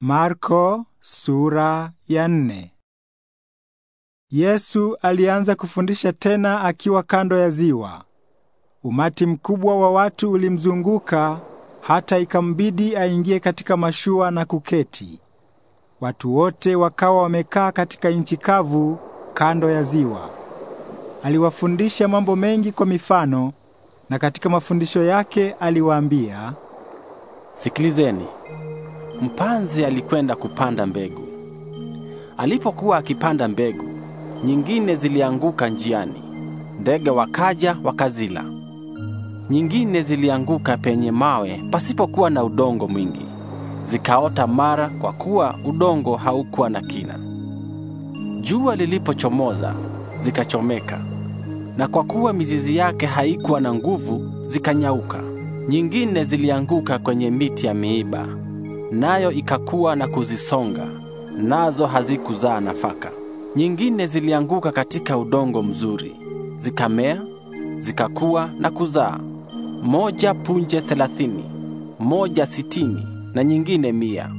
Marko sura ya nne. Yesu alianza kufundisha tena akiwa kando ya ziwa. Umati mkubwa wa watu ulimzunguka hata ikambidi aingie katika mashua na kuketi. Watu wote wakawa wamekaa katika nchi kavu kando ya ziwa. Aliwafundisha mambo mengi kwa mifano na katika mafundisho yake aliwaambia, Sikilizeni mpanzi alikwenda kupanda mbegu. Alipokuwa akipanda mbegu, nyingine zilianguka njiani, ndege wakaja wakazila. Nyingine zilianguka penye mawe pasipokuwa na udongo mwingi, zikaota mara, kwa kuwa udongo haukuwa na kina. Jua lilipochomoza zikachomeka, na kwa kuwa mizizi yake haikuwa na nguvu, zikanyauka. Nyingine zilianguka kwenye miti ya miiba nayo ikakua na kuzisonga, nazo hazikuzaa nafaka. Nyingine zilianguka katika udongo mzuri, zikamea, zikakua na kuzaa, moja punje thelathini, moja sitini na nyingine mia.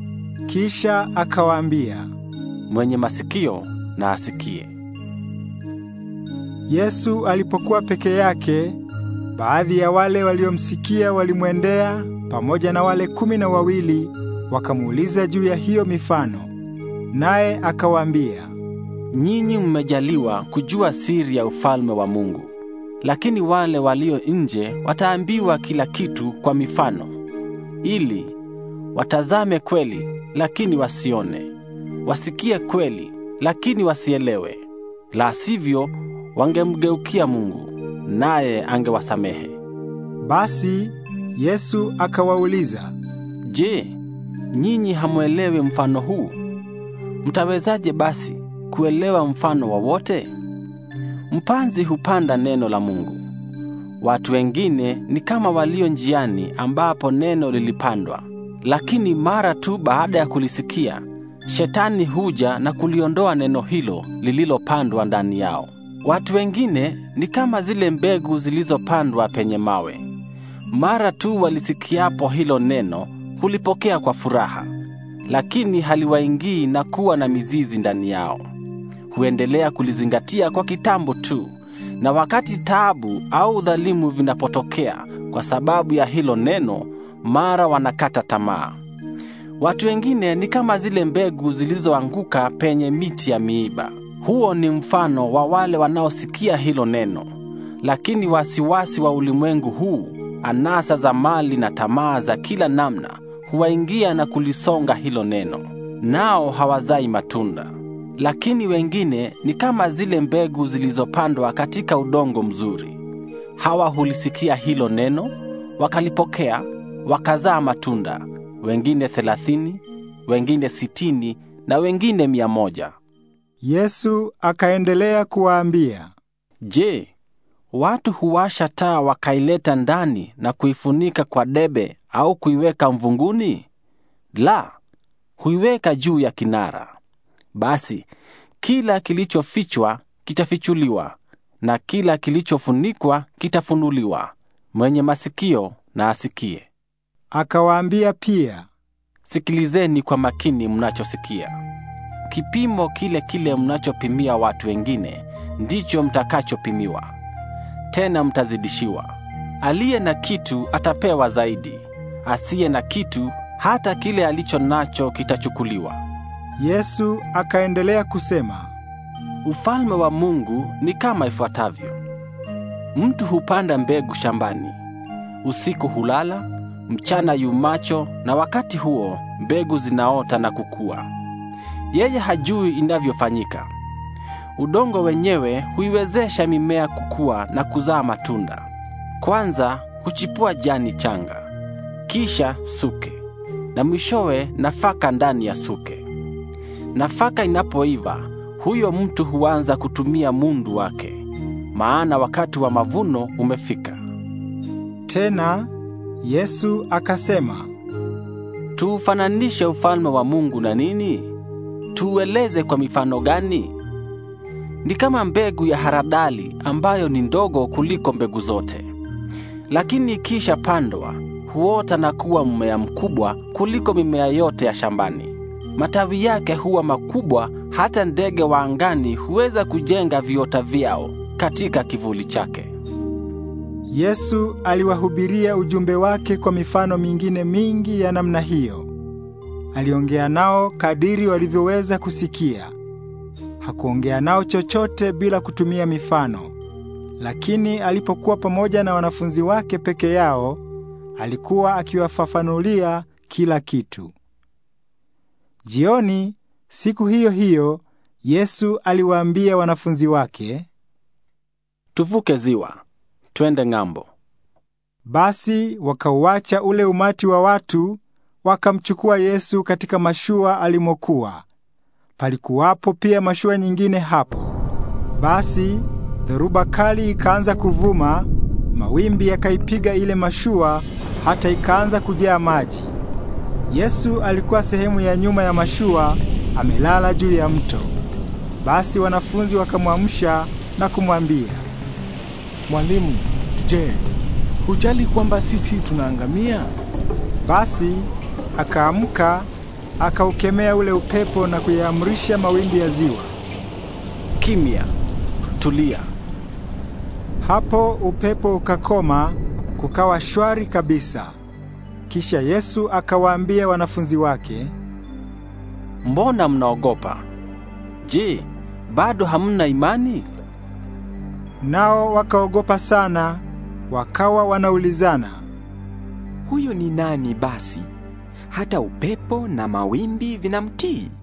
Kisha akawaambia, mwenye masikio na asikie. Yesu alipokuwa peke yake, baadhi ya wale waliomsikia walimwendea pamoja na wale kumi na wawili Wakamuuliza juu ya hiyo mifano, naye akawaambia, nyinyi mmejaliwa kujua siri ya ufalme wa Mungu, lakini wale walio nje wataambiwa kila kitu kwa mifano, ili watazame kweli, lakini wasione, wasikie kweli, lakini wasielewe; la sivyo wangemgeukia Mungu, naye angewasamehe. Basi Yesu akawauliza, Je, nyinyi hamwelewi mfano huu? Mtawezaje basi kuelewa mfano wowote? Mpanzi hupanda neno la Mungu. Watu wengine ni kama walio njiani ambapo neno lilipandwa, lakini mara tu baada ya kulisikia, shetani huja na kuliondoa neno hilo lililopandwa ndani yao. Watu wengine ni kama zile mbegu zilizopandwa penye mawe. Mara tu walisikiapo hilo neno hulipokea kwa furaha, lakini haliwaingii na kuwa na mizizi ndani yao. Huendelea kulizingatia kwa kitambo tu, na wakati taabu au dhalimu vinapotokea kwa sababu ya hilo neno, mara wanakata tamaa. Watu wengine ni kama zile mbegu zilizoanguka penye miti ya miiba. Huo ni mfano wa wale wanaosikia hilo neno, lakini wasiwasi wa ulimwengu huu, anasa za mali na tamaa za kila namna huwaingia na kulisonga hilo neno, nao hawazai matunda. Lakini wengine ni kama zile mbegu zilizopandwa katika udongo mzuri. Hawa hulisikia hilo neno, wakalipokea, wakazaa matunda, wengine thelathini, wengine sitini na wengine mia moja. Yesu akaendelea kuwaambia, Je, watu huwasha taa wakaileta ndani na kuifunika kwa debe au kuiweka mvunguni? La, huiweka juu ya kinara. Basi kila kilichofichwa kitafichuliwa, na kila kilichofunikwa kitafunuliwa. Mwenye masikio na asikie. Akawaambia pia, sikilizeni kwa makini mnachosikia. Kipimo kile kile mnachopimia watu wengine ndicho mtakachopimiwa, tena mtazidishiwa. Aliye na kitu atapewa zaidi, asiye na kitu, hata kile alicho nacho kitachukuliwa. Yesu akaendelea kusema, ufalme wa Mungu ni kama ifuatavyo: mtu hupanda mbegu shambani, usiku hulala, mchana yumacho, na wakati huo mbegu zinaota na kukua. Yeye hajui inavyofanyika. Udongo wenyewe huiwezesha mimea kukua na kuzaa matunda. Kwanza huchipua jani changa, kisha suke, na mwishowe nafaka ndani ya suke. Nafaka inapoiva, huyo mtu huanza kutumia mundu wake, maana wakati wa mavuno umefika. Tena Yesu akasema, tuufananishe ufalme wa Mungu na nini? Tuueleze kwa mifano gani? Ni kama mbegu ya haradali ambayo ni ndogo kuliko mbegu zote, lakini ikisha pandwa huota na kuwa mmea mkubwa kuliko mimea yote ya shambani. Matawi yake huwa makubwa, hata ndege wa angani huweza kujenga viota vyao katika kivuli chake. Yesu aliwahubiria ujumbe wake kwa mifano mingine mingi ya namna hiyo. Aliongea nao kadiri walivyoweza kusikia. Hakuongea nao chochote bila kutumia mifano. Lakini alipokuwa pamoja na wanafunzi wake peke yao, alikuwa akiwafafanulia kila kitu. Jioni siku hiyo hiyo Yesu aliwaambia wanafunzi wake, tuvuke ziwa twende ng'ambo. Basi wakauacha ule umati wa watu, wakamchukua Yesu katika mashua alimokuwa. Palikuwapo pia mashua nyingine hapo. Basi dhoruba kali ikaanza kuvuma Mawimbi yakaipiga ile mashua hata ikaanza kujaa maji. Yesu alikuwa sehemu ya nyuma ya mashua amelala juu ya mto. Basi wanafunzi wakamwamsha na kumwambia, Mwalimu, je, hujali kwamba sisi tunaangamia? Basi akaamka akaukemea ule upepo na kuyaamrisha mawimbi ya ziwa, kimya, tulia. Hapo upepo ukakoma, kukawa shwari kabisa. Kisha Yesu akawaambia wanafunzi wake, Mbona mnaogopa? Je, bado hamna imani? Nao wakaogopa sana, wakawa wanaulizana, Huyu ni nani basi? Hata upepo na mawimbi vinamtii.